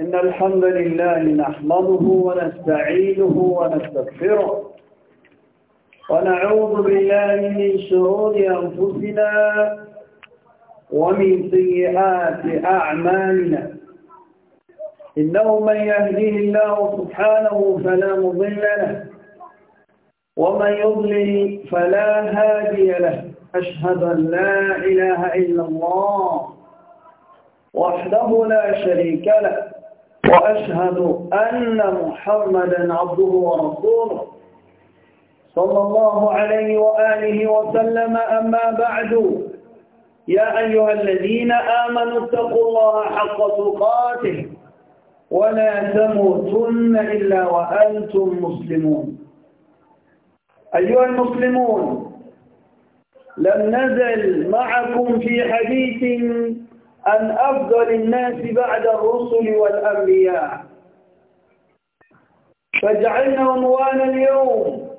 إن الحمد لله نحمده ونستعينه ونستغفره ونعوذ بالله من شرور أنفسنا ومن سيئات أعمالنا إنه من يهديه الله سبحانه فلا مضل له ومن يضلل فلا هادي له أشهد أن لا إله إلا الله وحده لا شريك له وأشهد أن محمدا عبده ورسوله صلى الله عليه وآله وسلم أما بعد يا أيها الذين آمنوا اتقوا الله حق تقاته ولا تموتن إلا وأنتم مسلمون أيها المسلمون لم نزل معكم في حديث عن أفضل الناس بعد الرسل والأنبياء فجعلنا عنوان اليوم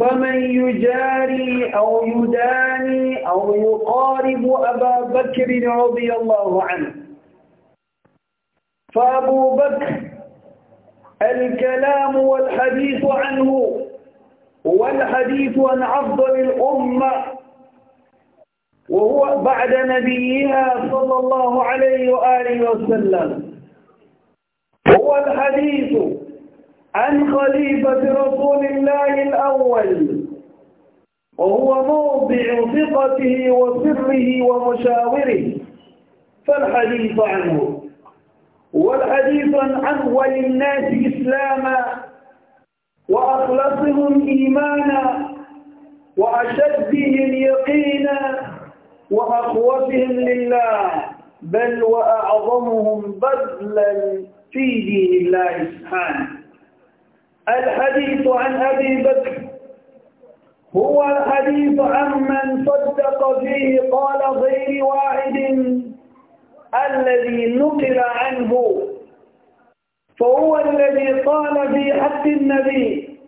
فمن يجاري أو يداني أو يقارب أبا بكر رضي الله عنه فأبو بكر الكلام والحديث عنه والحديث عن أفضل الأمة وهو بعد نبيها صلى الله عليه وآله وسلم هو الحديث عن خليفة رسول الله الأول وهو موضع ثقته وسره ومشاوره فالحديث عنه والحديث عن أول الناس إسلاما وأخلصهم إيمانا وأشدهم يقينا وأقوتهم لله بل وأعظمهم بذلا في دين الله سبحانه الحديث عن أبي بكر هو الحديث عن من صدق فيه قال غير واحد الذي نقل عنه فهو الذي قال في حق النبي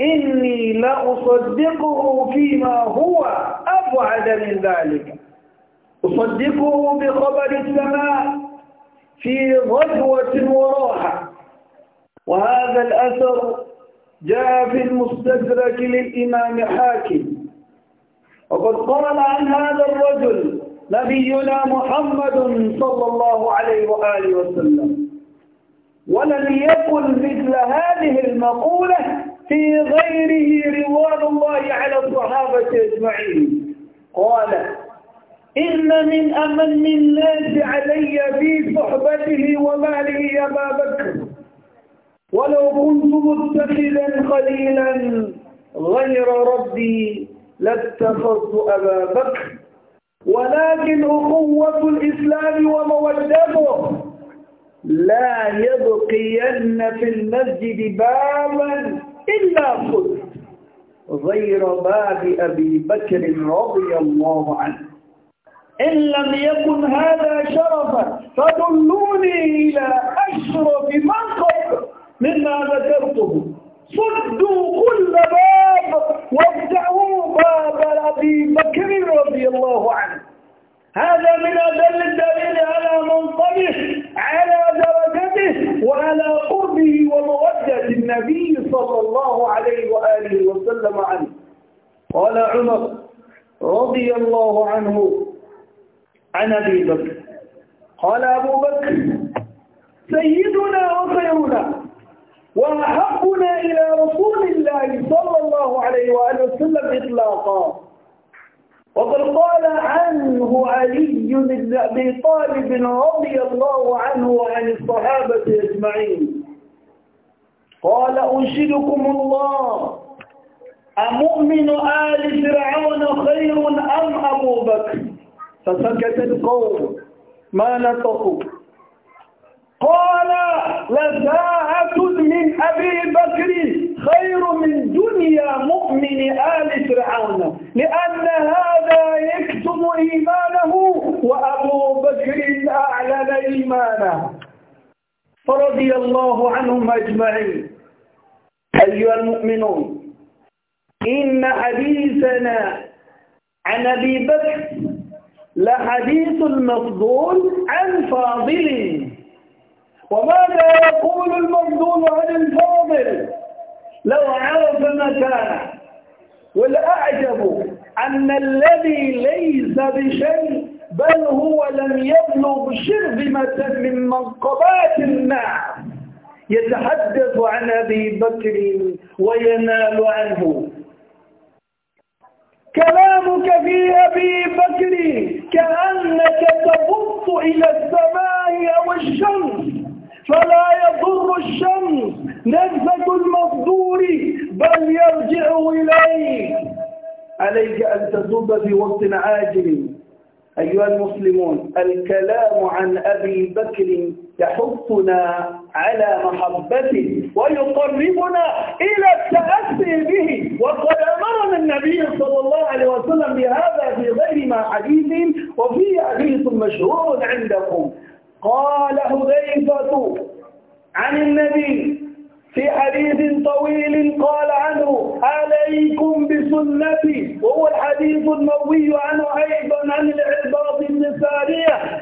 إني لأصدقه فيما هو أبعد من ذلك أصدقه بخبر السماء في غزوة وراحة وهذا الأثر جاء في المستدرك للإمام حاكم وقد قال عن هذا الرجل نبينا محمد صلى الله عليه وآله وسلم ولم يكن مثل هذه المقولة في غيره رضوان الله على الصحابة أجمعين قال إن من أمن الناس علي في صحبته وماله يا أبا بكر ولو كنت متخذا خليلا غير ربي لاتخذت أبا بكر ولكن أخوة الإسلام ومودته لا يبقين في المسجد بابا إلا خذ غير باب أبي بكر رضي الله عنه إن لم يكن هذا شرفا فدلوني إلى أشرف قبل مما ذكرته صدوا كل باب وابدعوا باب أبي بكر رضي الله عنه هذا من أدل الدليل على منصبه على درجته وعلى قربه ومودة النبي صلى الله عليه وآله وسلم عنه قال عمر رضي الله عنه عن أبي بكر قال أبو بكر سيدنا وخيرنا وأحبنا إلى رسول الله صلى الله عليه وآله وسلم إطلاقا وقد قال عنه علي بن أبي طالب رضي الله عنه وعن الصحابة أجمعين قال أنشدكم الله أمؤمن آل فرعون خير أم أبو بكر فسكت القوم ما نطقوا قال لساعة من أبي بكر خير من دنيا مؤمن آل فرعون لأن هذا يكتم إيمانه وأبو بكر أعلن إيمانه فرضي الله عنهم أجمعين أيها المؤمنون إن حديثنا عن أبي بكر لحديث المفضول عن فاضل وماذا يقول المظلوم عن الفاضل لو عرف مكانه والأعجب أن الذي ليس بشيء بل هو لم يبلغ شرذمة من منقبات النار يتحدث عن أبي بكر وينال عنه كلامك في أبي بكر كأنك تبط إلى السماء أو الشمس فلا يضر الشمس نزة المصدور بل يرجع إليك عليك أن تذوب في وقت عاجل أيها المسلمون الكلام عن أبي بكر يحثنا على محبته ويقربنا إلى التأسي به وقد أمرنا النبي صلى الله عليه وسلم بهذا في غير ما حديث وفي حديث مشهور عندكم قال حذيفة عن النبي في حديث طويل قال عنه عليكم بسنتي وهو الحديث المروي عنه أيضا عن العباد بن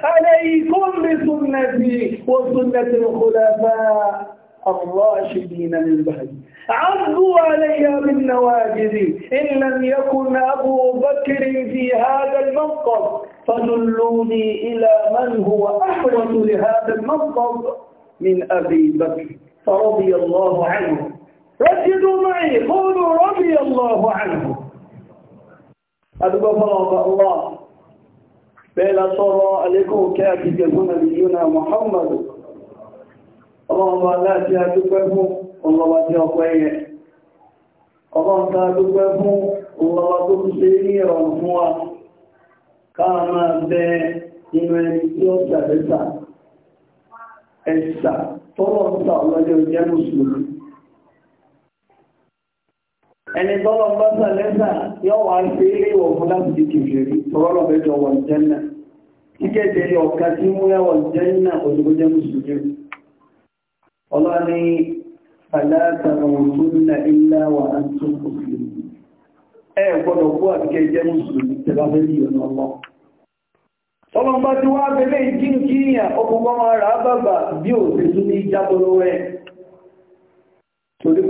عليكم بسنتي وسنة الخلفاء الراشدين من بعدي عضوا علي بالنواجذ إن لم يكن أبو بكر في هذا المنصب فدلوني إلى من هو أحرص لهذا المنصب من أبي بكر فرضي الله عنه رددوا معي قولوا رضي الله عنه أدب الله بلا صلاة عليكم كاتب نبينا محمد رمضان لا تهدفهم ọlọ́wà jẹ́ ọpẹ́ yẹ ọlọ́run tá a dúpẹ́ fún ọlọ́wà tó ti ṣe ní ìrọ̀rùn fún wa káà máa bẹ inú ẹni tí ó ṣàdẹ́sà ẹ̀sà tọ́lọ̀ ń ta ọlọ́jọ́ jẹ́ mùsùlùmí ẹni tọ́lọ̀ bá yọ́ wà ṣe ilé ìwọ̀ fún láti فلا تموتن إلا وأنتم مسلمون ẹ gbọ́dọ̀ kú àbíkẹ́ jẹ́ mùsùlùmí tẹ́lá fẹ́ ní ọ̀nà ọlọ́ ọlọ́n bá ti wá bẹ̀lẹ̀ ìjínkíyàn ọkùnkọ́ máa rà bàbà bí ò sí tún ní ìjábọ̀lọ́ ẹ̀ torí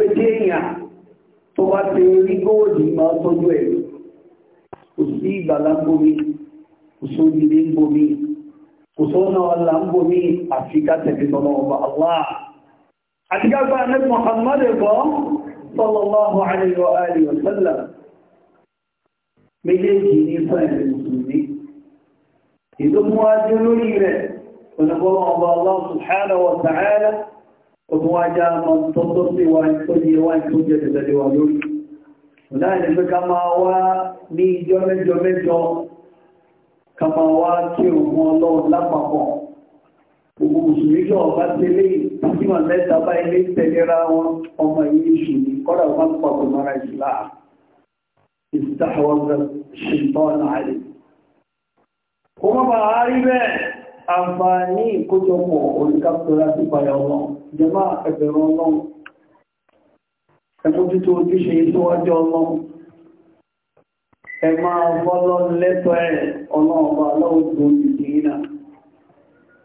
ẹ̀ àtigbàgbà ní Muhammad ẹ̀kọ́ sallallahu alayhi wa alihi wa sallam méjèèjì ní sáyẹ̀rẹ̀ mùsùlùmí ìdókùnwájú lórí rẹ̀ ọ̀nàbọ̀lọ́ ọba Allah subhanahu wa ta'ala ọmọwájá máa tọ́tọ́ sí wa ìtọ́jú ẹwà ìtọ́jú ẹ̀dẹ̀dẹ̀ wa lórí láàrin pé ká máa wá ní ìjọ mẹ́jọ kí òun ọlọ́run lápapọ̀ gbogbo mùsùlùmí jọ ọba tẹ́lẹ̀ tí wọ́n mẹ́ta bá ilé tẹ̀lera wọn ọmọ yìí ṣù ní kọ́dà wọn pàpọ̀ mara ìṣìlá ìsìtàwọ́gbẹ̀ ṣìntọ́n àlè kó mọ́ bá a rí bẹ́ẹ̀ àǹfààní ìkójọpọ̀ oníkàtọ́lá sí payà ọlọ́run jẹmọ́ ẹgbẹ̀rún ọlọ́run ẹmójútó ojúṣe ìtọ́wájú ọlọ́run ẹ máa fọ́lọ́ lẹ́tọ̀ọ́ ẹ̀ ọlọ́run bá lọ́wọ́ tó ní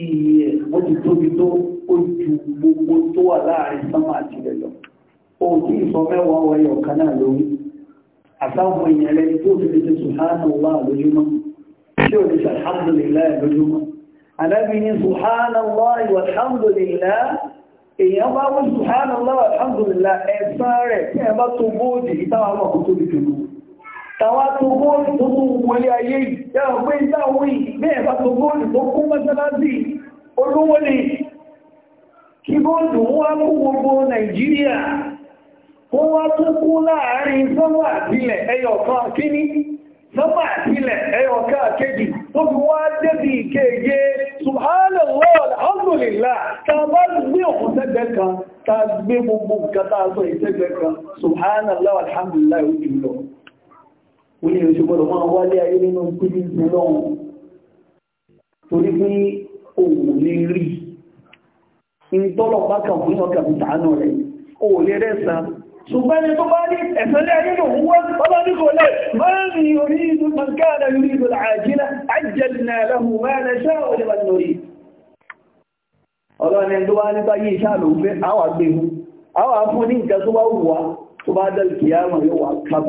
iye wọ́n ti tóbi tó ó ju gbogbo tó wà láàrin sánmà àti ilẹ̀ lọ ohun tí ìsọ mẹ́wàá wọ̀nyí ọ̀kan náà lórí àtàwọn èèyàn lẹ́ni tó fi lè ṣe sùhánà lójúmọ́ tí ò lè ṣe lójúmọ́ tàwa tó góòlù tó kún wọlé ayé yàrá pé ìdáwó ìgbẹ́ẹ̀fà tó góòlù tó kún mọ́sálásí olówó ni kí góòlù wá kú gbogbo nàìjíríà wọ́n wá tó kú láàárín sọ́mà àtílẹ̀ ẹyọ̀kan kíní kan ta òye oṣù gbọ́dọ̀ máa wálé ayé nínú kúrú lọ́wọ́ torí pé òun lè rí ìtọ́lọ̀ bá kà fún ọkà fún tàánà rẹ̀ òun lè rẹ́sà ṣùgbọ́n tó bá ní ẹ̀sẹ̀lẹ̀ ayé lòun wọ́n bá ní kò lẹ́ mọ́rin orí ìlú mọ̀kára lórí ìlú àjílá àjẹ́lìnà lẹ́hùn mẹ́rin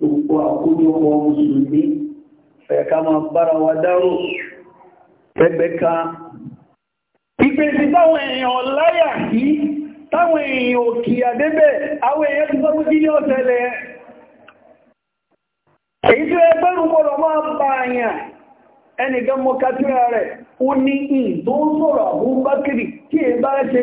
gbogbo àkójọpọ̀ mùsùlùmí ẹ̀ka ma bára wa dárò ẹgbẹ́ ìpèsè táwọn èèyàn láyà kí táwọn èèyàn òkè àdébẹ̀ àwọn èèyàn ti sọ́kú kí ní èyí tí ẹ pẹ́rù máa bá àyàn ẹnìkan mọ́ rẹ̀ ó ní bákìrì kí ẹ bá ṣe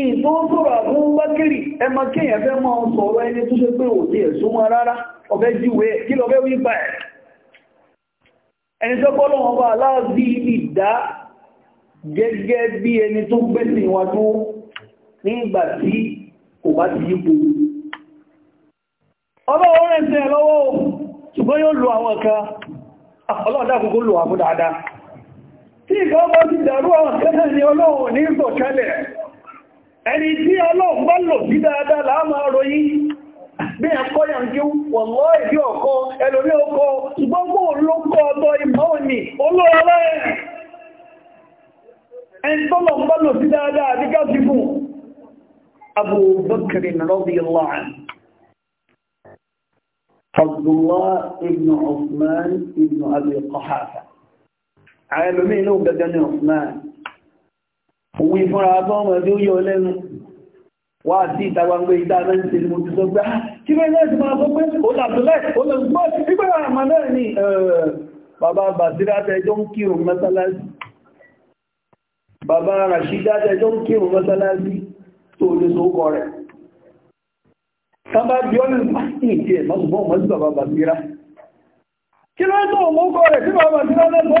ìtò sọ̀rọ̀ àbún bákìrì ẹmà kíyàn fẹ́ mọ́ sọ̀rọ̀ ẹni tó ṣe pé ò tí ẹ̀ súnmọ́ rárá ọ̀fẹ́ jíwẹ́ kí lọ fẹ́ wí pa ẹ̀ ẹni tó pọ́ lọ́wọ́ bá aláàbí ìdá gẹ́gẹ́ bí ẹni tó gbẹ́sìn wa tó nígbà tí kò bá ti yípo ọlọ́wọ́ rẹ̀ sí ẹ lọ́wọ́ ṣùgbọ́n yóò lo àwọn ẹ̀ka ah, ọlọ́ọ̀dákùnkú lò àbúdáadáa tí ìgbà ọmọ ti dàrú àwọn kẹ́sẹ̀ ni ọlọ́wọ́ ní ìgbọ̀kẹ́lẹ̀ ẹni tí ọlọ́run bá lò sí dáadáa láàmà ròyìn bí ẹ̀kọ́ yà ń kí wọ̀lọ́ ìdí ọ̀kọ́ ẹlòmí ọkọ́ ṣùgbọ́gbọ́ olókọ́ ọ̀tọ̀ ìmọ̀ òní olóòrẹ́ ẹni tọ́lọ̀run bá lò sí dáadáa àdíká sí fún Abu Bakr radiyallahu anhu Abdullah òwe fúnra gọ́ọ̀mọ̀ tí ó yọ lẹ́nu wá sí ìta gbangba ìta náà ti mo ti sọ pé ah, kí lẹ́yìn láti máa sọ pé ó làtọ́lẹ̀ ó lè gbọ́ nígbà àmà náà ni bàbá bàtíra tẹjọ́ ń kírun mọ́sálásí bàbá ràṣídá tẹjọ́ ń kírun mọ́sálásí tó lè so kọ rẹ̀ sábà bí ọ́nà pàtí ìtì ẹ̀ mọ́sùgbọ́n mọ́sù bàbá bàtíra kí lẹ́yìn tó mọ́kọ rẹ̀ tí bàbá bàtíra náà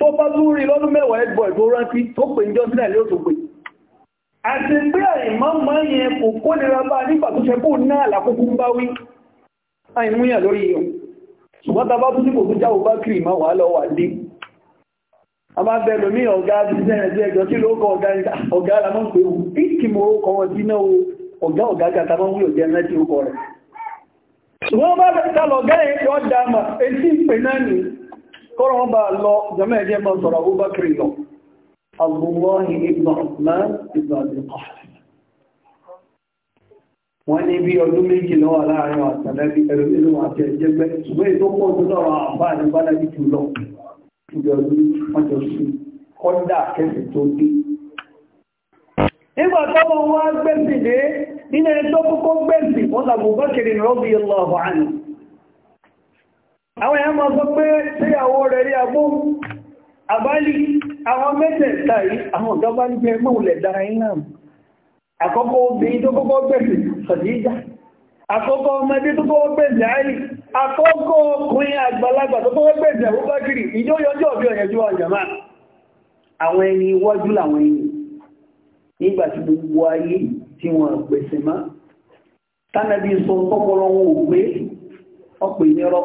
tó bá tún rí lọ́dún mẹ́wàá ẹgbọ́ ìgbó rántí tó pè ń jọ sílẹ̀ lé òtò pè àti pé àìmọ́ mọ́ yẹn kò kó nira bá nígbà tó ṣe kó náà làkókò ń bá wí àìmúyàn lórí yẹn ṣùgbọ́n ta bá tún ní kò tún jáwó bá kiri ìmọ̀ wà lọ́wọ́ àdé a máa bẹ̀rẹ̀ lómi ọ̀gá bíṣẹ́ ẹjọ́ tí ló kọ ọ̀gá ara mọ́ pé ìkì mọ́ orúkọ wọn sí náà ọ̀gá ọ̀gá gàtà mọ́ wí ọ̀gá ẹ̀rẹ́ tí ó kọ rẹ̀ ṣùgbọ́n bá bẹ̀rẹ̀ kọ́rọ̀ wọn bá lọ jẹ́mọ́ ẹ̀jẹ́ mọ́ sọ̀rọ̀ Abubakar lọ Abdullahi ibn Uthman ibn Abdulqahar wọ́n ní bí ọdún méjì lọ́wọ́ láàrin àtàlẹ́bí ẹ̀rọ̀mínú àti ẹ̀jẹ́gbẹ́ ṣùgbọ́n ètò pọ̀ tó lọ́rọ̀ àbáà ní bálábí jù nínú ẹni àwọn èèyàn máa sọ pé síyàwó rẹ̀ rí agbó àbálì àwọn mẹ́tẹ̀ẹ̀ta yìí àwọn ọ̀gá bá ń gbé ẹgbẹ́ òlẹ̀ dára iná àkọ́kọ́ obìnrin tó kọ́kọ́ gbẹ̀sẹ̀ sọ̀díjà àkọ́kọ́ ọmọdé tó kọ́kọ́ gbẹ̀sẹ̀ àkọ́kọ́ ọkùnrin àgbàlagbà tó kọ́kọ́ gbẹ̀sẹ̀ ìjọ yọjọ́ ọ̀bí ọ̀yẹ̀jú gbogbo ayé tí wọ́n gbẹ̀sẹ̀ má tánàbí sọ tọ́pọ̀lọ́wọ́ ìnirọ́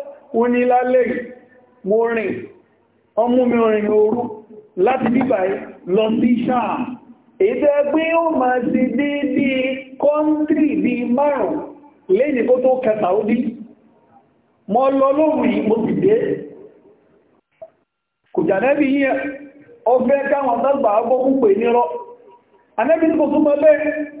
ó ní lálẹ́ orin rìn lati láti bíbà lọ sí sáà èdè pé ó máa ti dé bí kọ́ntírì bí márùn lẹ́ni kó tó kẹta ó dí mọ́ lọ lóòrùn yìí mo dé kò jànẹ́bí yí káwọn pè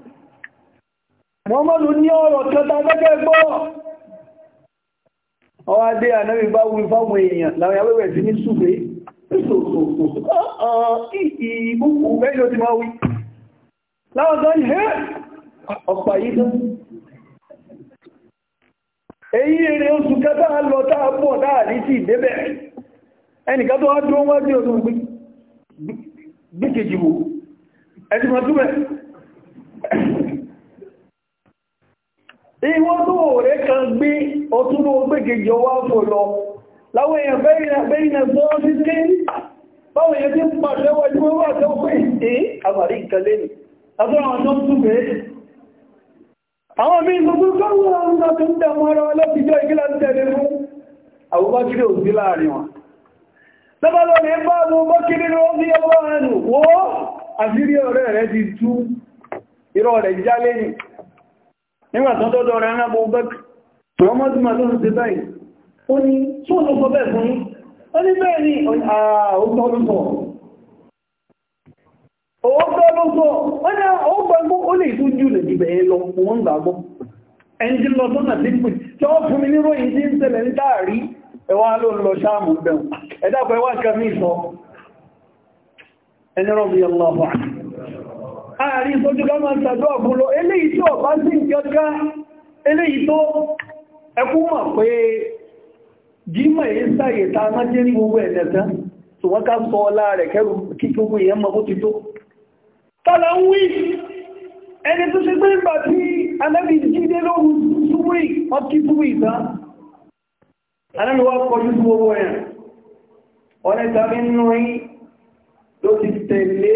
Muhammadu ní ọ̀rọ̀ kẹta gẹ́gẹ́ gbọ́ ọwá dé ànábì bá wí fáwọn èèyàn láwọn yàwẹ́wẹ̀ sí ní ṣùgbé ah, ah, èyí èrè oṣù kẹta lọ táa pọ̀ láàrí sí ìdébẹ̀ ẹnìkan tó wá dúró wá sí oṣù gbíkèjì wò ẹ̀sùn mọ̀ ìwọ́n tó rẹ̀ kan gbé ọtún ló gbé gẹ̀gẹ̀ wá fò lọ láwọn èèyàn bẹ́yìn na gbọ́ sí ké báwọn èèyàn tí pàṣẹ wájú wọ́n wà tó pé ìdí àbàrí ìkẹlẹ́ ni agbọ́n àwọn tó tún bẹ̀ẹ́ àwọn mí gbogbo káwọn àwọn tó ń dàmú ara wọn lọ́pìjọ́ ìgbìlá ń tẹ̀lé fún àwọ́bákiri òbí láàrin wọn lọ́bàlọ́ ní bá àwọ́bákiri ní wọ́n bí ọwọ́ àánú wó àṣírí ọ̀rẹ́ rẹ̀ ti tú irọ́ rẹ̀ jálé ni nígbà tó dọ́dọ̀ rẹ̀ rán bó bẹ́kì tó ọmọ tí ma lóòrùn ti báyìí ó ní tó ló sọ bẹ́ẹ̀ fún ó ní bẹ́ẹ̀ ni ọgbọ́ ah, ló sọ ọgbọ́ ló sọ ó ní ọgbọ́ ẹgbọ́ ó lè tó jù lè dìbẹ̀ lọ òun gbàgbọ́ ẹni tí lọ sọ́nà tí pè tí ó fún mi ní ròyìn tí ń ṣẹlẹ̀ ní táàrí ẹwà ló ń lọ sáàmù bẹ̀rù ẹ̀dàpọ̀ ẹwà kan ní sọ ẹni rọ̀bí ọlọ́ọ̀fọ̀ àti ààrin ìtọ́jú ká máa tàbí ọ̀gbùn lọ eléyìí tí ọ̀pá sí ìjọká eléyìí tó ẹkú mọ̀ pé jímọ̀ èyí sáyè ta máa jẹ́ ní gbogbo ẹ̀nẹ̀tán tó wọ́n ká sọ ọlá rẹ̀ kẹrù kíkogbo èyàn mọ́ bó ti tó tàbí ń wí ẹni tó ṣe pé nígbà tí alẹ́bí jíde lóhun súwì wọ́n kí súwì ìtàn alẹ́bí wọ́n kọjú sí gbogbo ẹ̀ ọ̀nẹ́ta nínú yí ló ti tẹ̀lé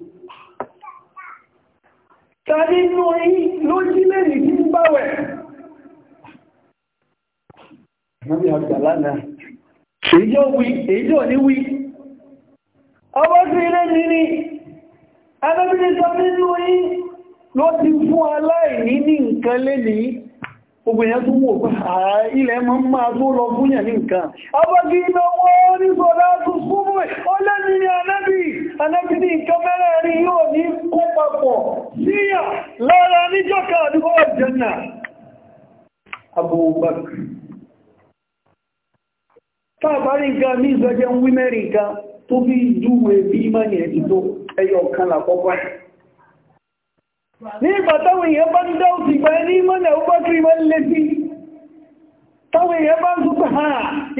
tàbí inú yìí ló jí lẹ́nì tí ń báwẹ̀ àmì àgbà lánàá èyíjọ́ wí èyíjọ́ ní wí ọwọ́ sí ilé ní ní alábìnrin tàbí inú yìí ló ti fún aláìní ní nǹkan lẹ́nìí gbogbo èèyàn tó wò pé ilẹ̀ ma ń máa tó lọ fún yàn ní nǹkan abọ́gí ìnáwó ní sọ̀dá tó súnmù ó lẹ́ni ní anábì anábì ní nǹkan mẹ́rẹ̀ rí yóò ní kó papọ̀ síyà lára nígbà táwọn èèyàn bá ń dáwò sí ìgbà ní mọ́nà ọgbọ́ kiri mọ́ lè sí táwọn èèyàn bá ń súpọ̀ ha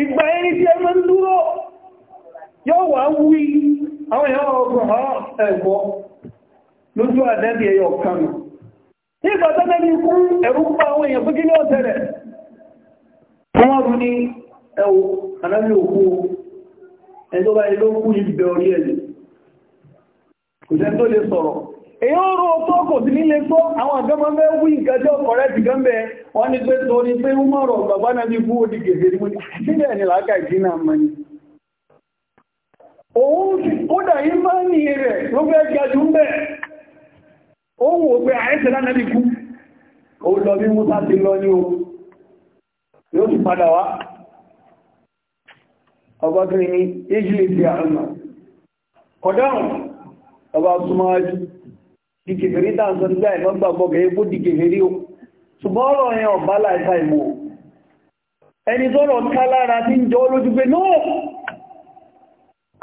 ìgbà ẹni tí ẹ mọ́ ń dúró yóò wà wí àwọn èèyàn ọgbọ̀n ẹ̀gbọ́ lójú àdẹ́bì ẹyọ kanu nígbà tẹ́lẹ̀ ní kú ẹ̀rù pa àwọn èèyàn fún kí ní ọ̀tẹ̀lẹ̀ wọ́n rú ní ẹwù anábí òkú ẹjọba ilé òkú èyí ó rò tó kò sí nílé tó àwọn àgbẹ́mọ́ mẹ́ wí ìkẹjọ́ kọ̀rẹ́ ti gẹ́m̀bẹ̀ wọ́n ni pé tó ní pé mọ́rọ̀ bàbá náà ní fún òdì gẹ̀gẹ̀ ní mọ́ni sílẹ̀ ní làákà ìdínà mọ́ni òun fi kódà yí máa ní ọba súnmọ́ dìkèfèrí tàà sọ nígbà ìmọ́gbàgbọ́gẹ̀ ebó dìkèfèrí o ṣùgbọ́n ọ̀rọ̀ yẹn ọ̀bá láìka ìmò ẹni tọ́rọ̀ ká lára tí ń jọ lójú pé náà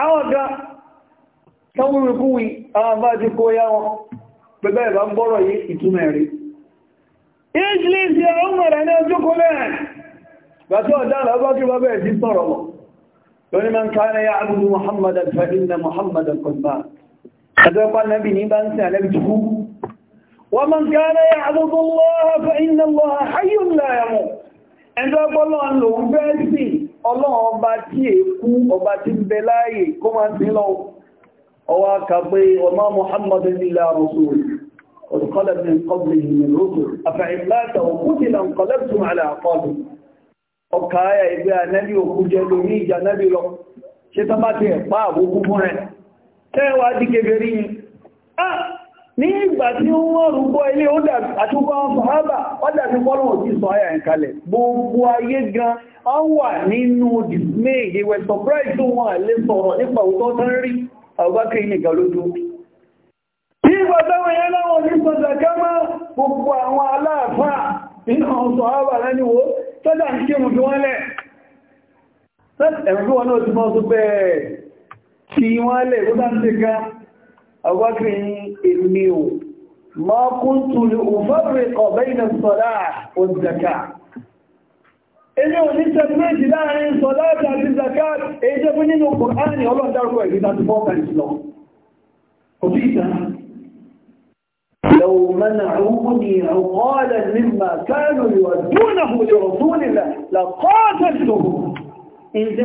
àwọn ọ̀gá tánwúrúkúwì àwọn bá ti kó yá wọn pẹ̀lú ẹ̀bá ń gbọ́rọ̀ yí ìtumẹ̀ rí ìjìlìsì àwọn mẹ́rẹ̀ ní ọjọ́ kó lẹ́rẹ̀ man kana fa inna qad أدوى النبي نيبا أنسى نبي تقول ومن كان يعبد الله فإن الله حي لا يموت ẹjọ́ ọgbọ́lọ́n ló ń bẹ́ sí ọlọ́run ọba tí èkú ọba tí ń bẹ láàyè kó máa sí lọ ọwá kàgbé ọmọ Muhammadun ọkà ayà ìgbé anẹ́bí òkú jẹ́ lórí ìjà anẹ́bí lọ ṣe tán bá ti ẹ̀pá àbúkú fún rẹ̀ tẹ́wà di kèbèrè yìí ní ìgbà tí wọ́n rúgbọ́ ilé àtúgbọ́ ọ̀fọ̀hábà ọ́dàbí fọ́lọ̀wọ̀ tí sọ ayà ń kalẹ̀ gbogbo ayé gan an wà nínú dismay they were surprised wọ́n lè sọ̀rọ̀ nípa òtọ́ tán tí wọ́n lè tó bá ń tẹ́ ká àwọ́kìrin èmì ò ma kún tùlù òfẹ́rẹ̀ ọ̀bẹ́ ilẹ̀ sọ́lá òzàká ẹni ò ní sẹ́gbẹ́jì láàrin sọ́lá àti zàká èjẹ́ fún nínú kòránì ọlọ́dárúkọ ìlú 34 times lọ kò sí ìta لو منعوني عقالا مما كانوا يودونه لرسول الله لقاتلتهم إن دي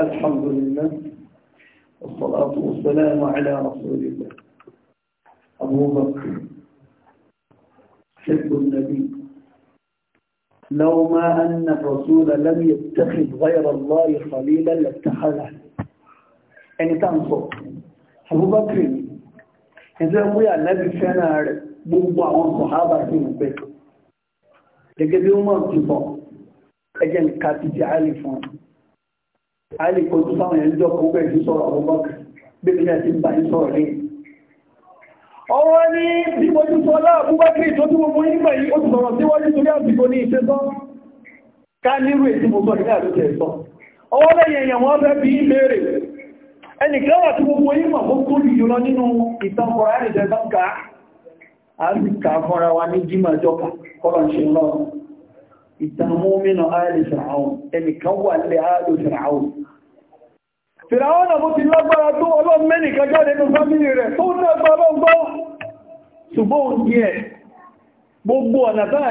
الحمد لله والصلاة والسلام على رسول الله أبو بكر حب النبي لو ما أن الرسول لم يتخذ غير الله خليلا لاتخذه يعني تنصر أبو بكر إذا أبويا النبي كان gbogbo àwọn sọ̀hábà في البيت gẹ́gẹ́ bí wọ́n ti bọ̀ ẹjẹ́ nǹkan ti ti àìlè fún àìlè kojú fáwọn ẹ̀rí jọ kó bẹ̀rẹ̀ sí sọ̀rọ̀ àwọn bọ́ọ̀kì bébí náà ti ń bá yín sọ̀rọ̀ lẹ́yìn. ọwọ́ ní bí mo ti sọ láàbúgbàkiri tó tún gbogbo yín báyìí ó ti sọ̀rọ̀ síwájú torí àsìkò ní ìṣe sọ ká nírú èsì mo sọ ní àlóṣe sọ ọwọ́ lẹ́yìn èèyàn wọ́n fẹ́ bí béèrè ẹnìkan wà tí gbogbo yín mọ̀ ó tó jùlọ nínú ìtàn kọ̀ọ̀rọ̀ a sì ká fọ́nra wa ní jímọ̀ jọpa kọ́lọ̀ṣe náà ìtàmú mínú ààrẹ Fir'aun ẹnìkan wà lẹ́ ààrẹ Fir'aun Fir'aun náà bó ti lágbára tó ọlọ́mẹ́nìkan jáde nínú fámílì rẹ̀ tó lágbára ọgbọ́ ṣùgbọ́n díẹ̀ gbogbo ọ̀nà tánà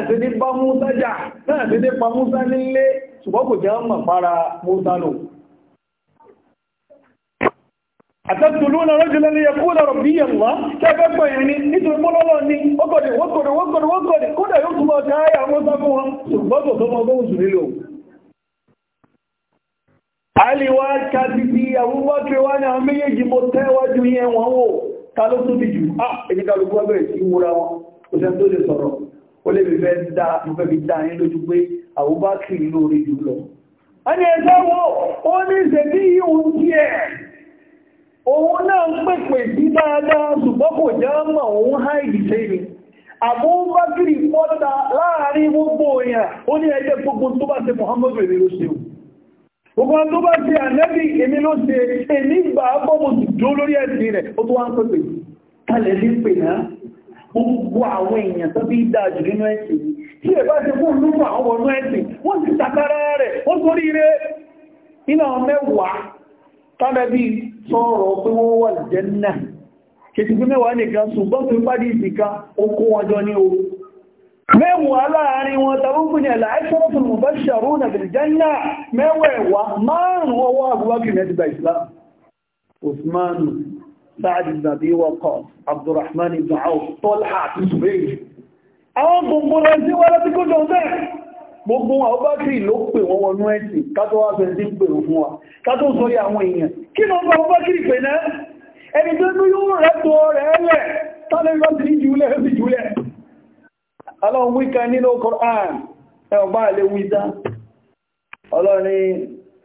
a rọ́jùlẹ́ yẹkúnà rọ̀bí yẹ̀lá tẹ́gbẹ́gbẹ̀ yìí ni nítorí mọ́lọ́lọ́ ní ọkọ̀dẹ̀ wọ́kọ̀dẹ̀ wọ́kọ̀dẹ̀ wọ́kọ̀dẹ̀ kódà yóò túnmọ̀ ọ̀tẹ́ ayà wọ́n sáfún wọn ṣùgbọ́n tó mọ́ ọgbọ́n òṣù nílò aliwa kàti bí abúbákẹ́ wá ní àwọn méjèèjì mo tẹ́wájú yẹn wọ́n ta ló tún bí jù òun náà ń pèpè sí dáadáa ṣùgbọ́n kò jẹ́ mọ̀ òun há ìdíṣẹ́ ni àbó ń bá kiri pọ́ta láàrin gbogbo èèyàn ó ní ẹjẹ́ gbogbo tó bá ṣe Muhammadu èmi ló ṣe gbogbo tó bá ṣe ànẹ́bì èmi ló ṣe èmi gbà á lórí ẹ̀sìn rẹ̀ ó tó wá ń pèpè kalẹ̀ ní pè náà gbogbo àwọn èèyàn tó bí dáa jù nínú ẹ̀sìn tí bá fún tánàbí sọ̀rọ̀ pé wọ́n wà jẹ́nà kìtìkú mẹ́wàá nìkan ṣùgbọ́n tó pàdé ìsìnká okó wọn jọ ní o mẹ́wàá láàrin wọn tàbíkùnrin ẹ̀lá ẹ́ṣọ́rọ̀fún mọ̀báṣàrò na bìrìjánà mẹ́wẹ̀ẹ̀wà márùn-ún ọwọ́ àbúwákì mẹ́tìgbà islam usman sa'ad ibn abi waqqas abdurrahman ibn auf tolha àti zubair gbogbo wa ọba kìí ló pè wọ́n wọnú ẹ̀sìn kátó wá fẹ́ sí pè fún wa kátó sọ yà àwọn èèyàn kí ló bá ọba kìí pè náà ẹni tó ní yóò rẹ̀ tó rẹ̀ lẹ̀ tálẹ́ lọ sí jùlẹ̀ sí jùlẹ̀ aláwọn wíkà nínú Koran ẹ̀ọ̀bá lè wíta ọlọ́rin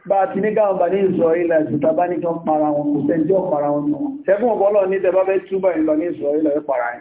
bá ti ní káwọn bá ní ìsọ̀ ilẹ̀ ìsìta para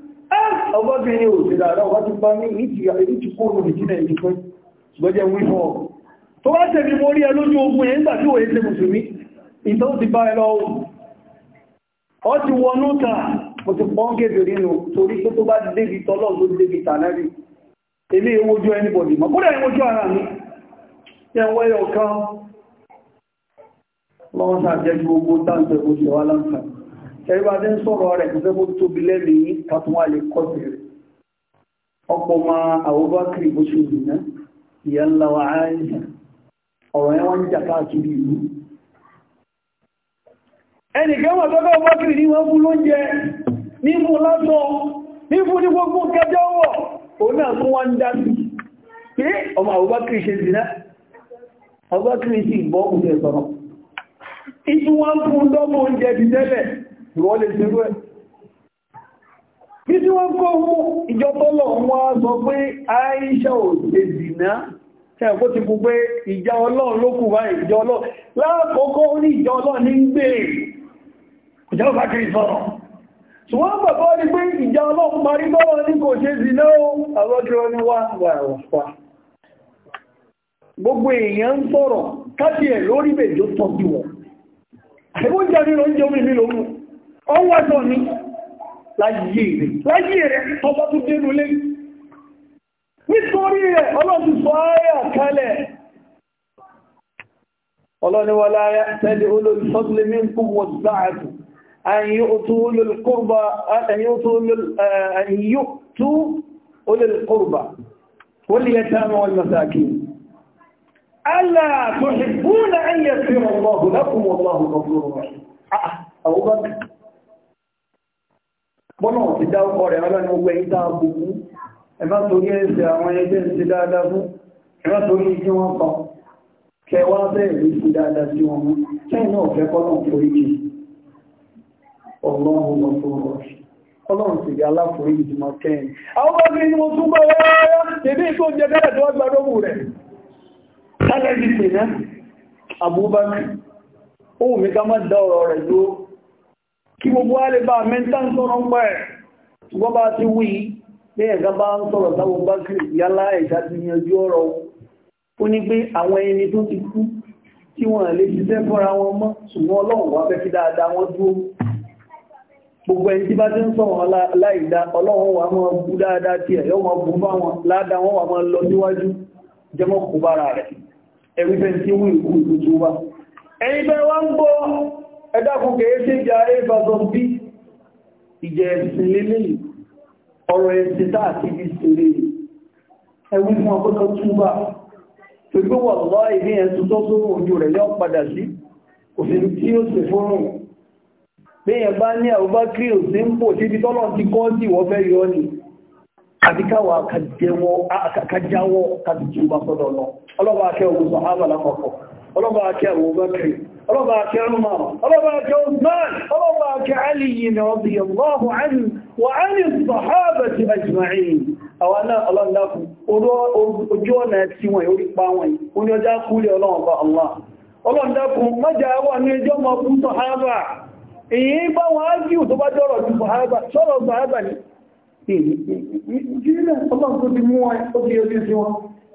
ọgọ́bìnrin ò sí dáadáa wá ti bá ní ìrìtì kóòrò nìjínà ìdíkọ́ ṣùgbọ́jẹ́ wí fọ́ tó wá tẹ̀mí mo rí ẹ lójú ogun ẹ̀ nígbà tí ó èsẹ mùsùlùmí ìtọ́ ti bá ẹ lọ́wọ́ ti wọnú ta mo ti pọ́n gẹ̀bẹ̀rẹ̀ nù torí pé tó bá débi tọ́lọ́ tó débi tànẹ́rì ilé gbogbo táǹtẹ̀ oṣù aláǹtàn tẹ́ríbá dé ń sọ̀rọ̀ rẹ̀ nígbẹ́ bó tóbi lẹ́nu yìí lè kọ́ bẹ̀rẹ̀ ọ̀pọ̀ ma Abubakar bó ṣe lù náà ìyá ńlá wa Àìṣà ọ̀rọ̀ wọ́n ń jà káàkiri ìlú ẹnìkan wà tọ́kọ̀ Abubakar ní wọ́n fún lóúnjẹ lásọ ní gbogbo òun náà dá sí pé ọmọ ṣe ìwọ́n lè ṣerú ẹ̀ bí tí wọ́n kó mú ìjọpọ́lọ̀ wọn sọ pé Aisha ò lè dìná ẹ̀kọ́ ti kú pé ìjà Ọlọ́run ló kù báyìí ìjà Ọlọ́run láàkọ́kọ́ ní ìjà Ọlọ́run ní gbé ìjà ọba kiri sọ̀rọ̀ ṣùgbọ́n bàbá ní pé ìjà Ọlọ́run parí bọ́wọ́ ní kò ṣe nínú oúnjẹ omi nílò mú ó wọ́dọ̀ ní láyé rẹ̀ láyé rẹ̀ tọ́bọ́ tó dénú lé nítorí rẹ̀ ọlọ́dún sọ ayà kalẹ̀ ọlọ́niwọlá tẹ́lẹ̀ olóòtọ́lẹ̀ mínkù wọ̀dáàtù ẹ̀yìn òtú olóòkúrbà wọ́n lè yẹta àwọn ọlọ́sàkí ألا تحبون أن يغفر الله لكم والله غفور رحيم bọ́nà ti dá ọkọ̀ rẹ̀ ọlọ́ni ogun ẹ̀yí tàà gbogbo ẹmá torí ẹ̀sẹ̀ àwọn ẹgbẹ́ ti dáadáa fún ẹmá torí ìjú wọn pa kẹwàá bẹ́ẹ̀rẹ̀ ti dáadáa sí wọn mú kẹ́yìn náà fẹ́ kọ́nà foríjì ọlọ́run sì kí gbogbo a lè bá mẹ́ta ń sọ́rọ̀ ń pẹ́ ṣùgbọ́n bá ti wí ní ẹ̀gá bá ń sọ̀rọ̀ sáwọ bá kìrì yálá ẹ̀ṣà ti yanjú ọ̀rọ̀ ó ní pé àwọn ẹni tó ti kú tí wọ́n lè ṣiṣẹ́ fọ́ra wọn mọ́ ṣùgbọ́n ọlọ́run wá fẹ́ fi dáadáa wọn dúró gbogbo ẹni tí bá ti ń sọ̀rọ̀ láìdá ọlọ́run ẹ̀dàkùn kèé sí ìjà ẹ̀fàzọ́n bí ìjẹ̀ ẹ̀sìn lélẹ̀ ọ̀rọ̀ ẹ̀sìn tààtí bí sèrè ẹwú fún ọkọ́tọ̀ túnbà pẹ̀lú wọ̀lọ́ ìní ẹ̀sùn tó só ojú rẹ̀ yọ padà sí òfin tí ó sì fúnrùn bíyàn bá ní àwọ́bá kí o sí ń pò síbi ti ọlọ́bà àti ọmọ ọlọ́bà àti Osman ọlọ́bà àti aliyin ọdí allahu anhu wa ani sahaba ti ajma'in àwọn náà ọlọ́ndákù ojú ọ̀nà tí wọ́n yóò pa wọn oní ọjá kúlẹ̀ ọlọ́ọ̀bà allah ọlọ́ndákù mọ́jà wà ní ẹjọ́ mọ́ fún sahaba èyí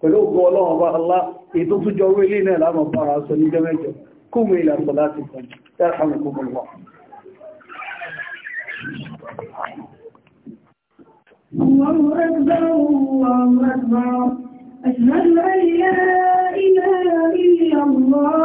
pẹ̀lú ògbọ́ ọlọ́run bá Allah ètò tó jọ orí ilé náà láàmọ̀ bára sọ ní jẹ́mẹ́jọ kúmù ilẹ̀ àpọ̀ láti